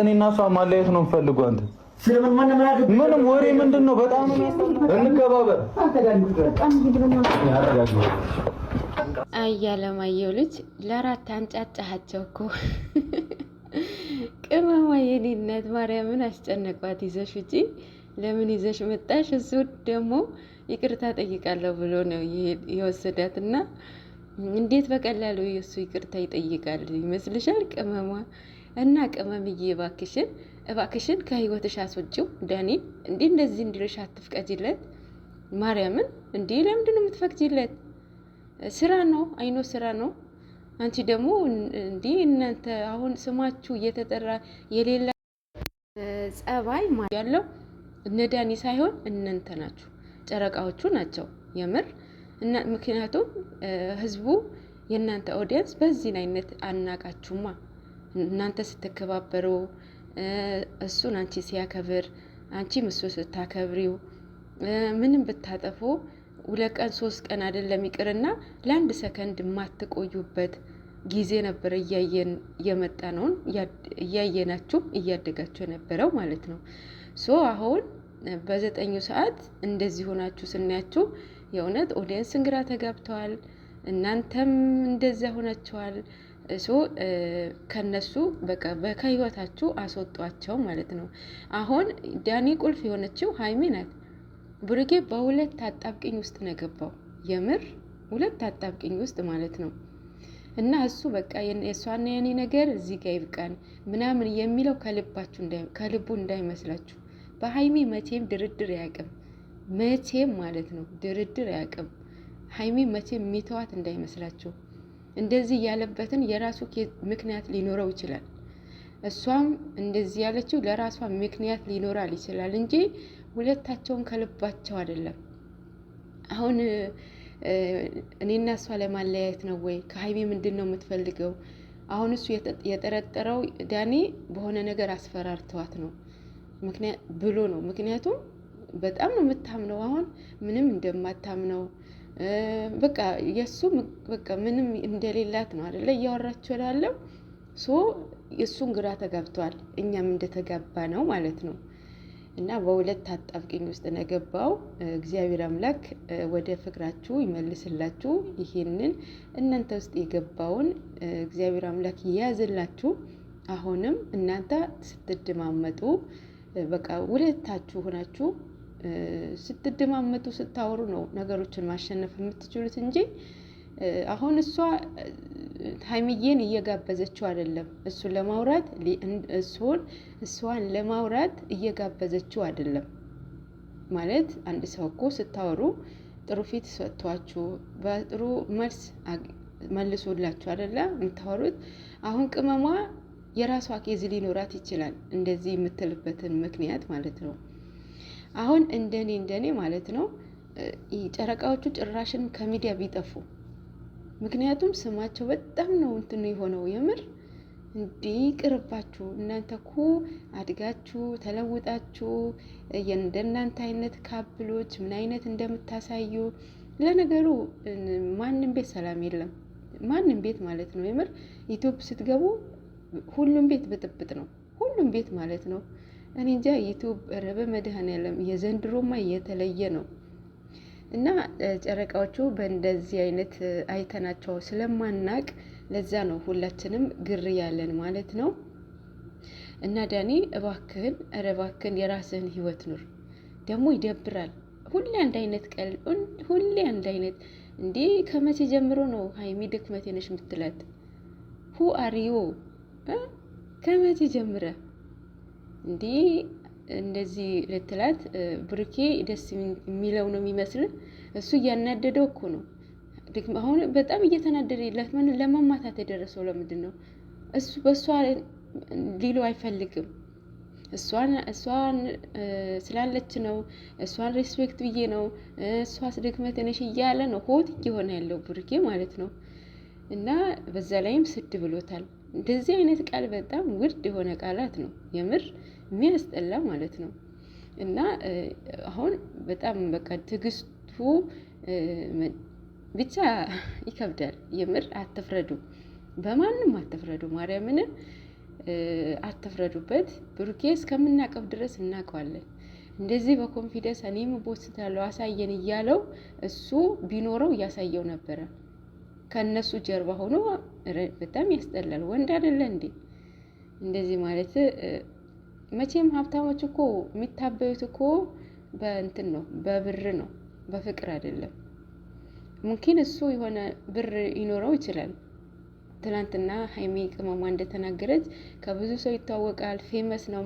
እኔና እሷ ማለየት ነው የምፈልገው። አንተ ምንም ወሬ ምንድን ነው? በጣም እንከባበር እያለማየሁ ልጅ ለአራት አንጫጫሃቸው እኮ ቅመማ የኔነት ማርያምን አስጨነቋት። ይዘሽ ውጪ ለምን ይዘሽ መጣሽ? እሱ ደግሞ ይቅርታ ጠይቃለሁ ብሎ ነው የወሰዳት እና እንዴት በቀላሉ የእሱ ይቅርታ ይጠይቃል ይመስልሻል? ቅመሟ እና ቅመምዬ እባክሽን እባክሽን ከህይወትሽ አስወጪው ዳኒ እንዴ እንደዚህ እንዲልሽ አትፍቀጂለት። ማርያምን እንዴ ለምንድን ነው የምትፈቅጂለት? ስራ ነው አይኖ ስራ ነው። አንቺ ደግሞ እንዴ እናንተ አሁን ስማችሁ እየተጠራ የሌላ ጸባይ ያለው እነ ዳኒ ሳይሆን እናንተ ናችሁ፣ ጨረቃዎቹ ናቸው የምር እና ምክንያቱም ህዝቡ የእናንተ ኦዲየንስ በዚህን አይነት አናቃችሁማ። እናንተ ስትከባበሩ፣ እሱን አንቺ ሲያከብር፣ አንቺም እሱ ስታከብሪው፣ ምንም ብታጠፉ ሁለት ቀን ሶስት ቀን አይደለም ይቅርና ለአንድ ሰከንድ የማትቆዩበት ጊዜ ነበር እያየን የመጣ ነውን እያየናችሁም እያደጋችሁ የነበረው ማለት ነው። ሶ አሁን በዘጠኙ ሰዓት እንደዚህ ሆናችሁ ስናያችሁ የእውነት ኦዲየንስ እንግራ ተጋብተዋል። እናንተም እንደዚያ ሆናችኋል። እሱ ከነሱ በቃ ከህይወታችሁ አስወጧቸው ማለት ነው። አሁን ዳኒ ቁልፍ የሆነችው ሀይሚ ናት። ብሩኬ በሁለት አጣብቅኝ ውስጥ ነው የገባው። የምር ሁለት አጣብቅኝ ውስጥ ማለት ነው። እና እሱ በቃ የእሷና የኔ ነገር እዚህ ጋር ይብቃን ምናምን የሚለው ከልባችሁ ከልቡ እንዳይመስላችሁ። በሀይሚ መቼም ድርድር አያውቅም። መቼም ማለት ነው ድርድር አያውቅም። ሀይሚ መቼም ሚተዋት እንዳይመስላችሁ። እንደዚህ ያለበትን የራሱ ምክንያት ሊኖረው ይችላል። እሷም እንደዚህ ያለችው ለራሷ ምክንያት ሊኖራል ይችላል እንጂ ሁለታቸውን ከልባቸው አይደለም። አሁን እኔና እሷ ለማለያየት ነው ወይ? ከሀይቤ ምንድን ነው የምትፈልገው? አሁን እሱ የጠረጠረው ዳኒ በሆነ ነገር አስፈራርተዋት ነው ብሎ ነው። ምክንያቱም በጣም ነው የምታምነው አሁን ምንም እንደማታምነው በቃ የእሱ በቃ ምንም እንደሌላት ነው አደለ እያወራቸው ላለው ሶ እሱን ግራ ተጋብቷል፣ እኛም እንደተጋባ ነው ማለት ነው። እና በሁለት አጣብቂኝ ውስጥ ነገባው። እግዚአብሔር አምላክ ወደ ፍቅራችሁ ይመልስላችሁ። ይሄንን እናንተ ውስጥ የገባውን እግዚአብሔር አምላክ ይያዝላችሁ። አሁንም እናንተ ስትደማመጡ በቃ ሁለታችሁ ሆናችሁ ስትደማመጡ ስታወሩ ነው ነገሮችን ማሸነፍ የምትችሉት እንጂ አሁን እሷ ሀይሚዬን እየጋበዘችው አይደለም። እሱን ለማውራት እሱን እሷን ለማውራት እየጋበዘችው አይደለም። ማለት አንድ ሰው እኮ ስታወሩ ጥሩ ፊት ሰጥቷችሁ በጥሩ መልስ መልሶላችሁ አይደለ የምታወሩት። አሁን ቅመሟ የራሷ ኬዝ ሊኖራት ይችላል እንደዚህ የምትልበትን ምክንያት ማለት ነው። አሁን እንደኔ እንደኔ ማለት ነው ጨረቃዎቹ ጭራሽን ከሚዲያ ቢጠፉ። ምክንያቱም ስማቸው በጣም ነው እንትኑ የሆነው የምር ቅርባችሁ እናንተ እኮ አድጋችሁ ተለውጣችሁ እንደናንተ አይነት ካብሎች ምን አይነት እንደምታሳዩ። ለነገሩ ማንም ቤት ሰላም የለም፣ ማንም ቤት ማለት ነው የምር ኢትዮጵ ስትገቡ ሁሉም ቤት ብጥብጥ ነው፣ ሁሉም ቤት ማለት ነው። እኔ እንጃ ዩቱብ ረበ መድኃኔዓለም የዘንድሮማ እየተለየ ነው እና ጨረቃዎቹ በእንደዚህ አይነት አይተናቸው ስለማናቅ ለዛ ነው ሁላችንም ግር ያለን ማለት ነው። እና ዳኒ እባክህን፣ ኧረ እባክህን የራስህን ህይወት ኑር። ደግሞ ይደብራል። ሁሌ አንድ አይነት ቀል ሁሌ አንድ አይነት እንዲህ። ከመቼ ጀምሮ ነው ሀይሚ ድክመቴ ነሽ የምትላት? ሁ አሪዮ ከመቼ ጀምረ እንዲህ እንደዚህ ልትላት ብርኬ ደስ የሚለው ነው የሚመስል እሱ እያናደደው እኮ ነው። አሁን በጣም እየተናደደ ለመማታት የደረሰው ለምንድን ነው? እሱ በእሷ ሊለው አይፈልግም። እሷን ስላለች ነው እሷን ሬስፔክት ብዬ ነው እሷ ስድክመት ነሽ እያለ ነው ሆት እየሆነ ያለው ብርኬ ማለት ነው። እና በዛ ላይም ስድ ብሎታል። እንደዚህ አይነት ቃል በጣም ውድ የሆነ ቃላት ነው፣ የምር የሚያስጠላ ማለት ነው። እና አሁን በጣም በቃ ትዕግስቱ ብቻ ይከብዳል። የምር አትፍረዱ፣ በማንም አትፍረዱ፣ ማርያምን አትፍረዱበት። ብሩኬ እስከምናቀፍ ድረስ እናውቀዋለን። እንደዚህ በኮንፊደንስ እኔም ቦስታለሁ አሳየን እያለው እሱ ቢኖረው እያሳየው ነበረ። ከነሱ ጀርባ ሆኖ በጣም ያስጠላል። ወንድ አይደለ እንዴ እንደዚህ ማለት? መቼም ሀብታሞች እኮ የሚታበዩት እኮ በእንትን ነው፣ በብር ነው፣ በፍቅር አይደለም። ሙምኪን እሱ የሆነ ብር ይኖረው ይችላል። ትናንትና ሀይሚ ቅመሟ እንደተናገረች ከብዙ ሰው ይታወቃል፣ ፌመስ ነው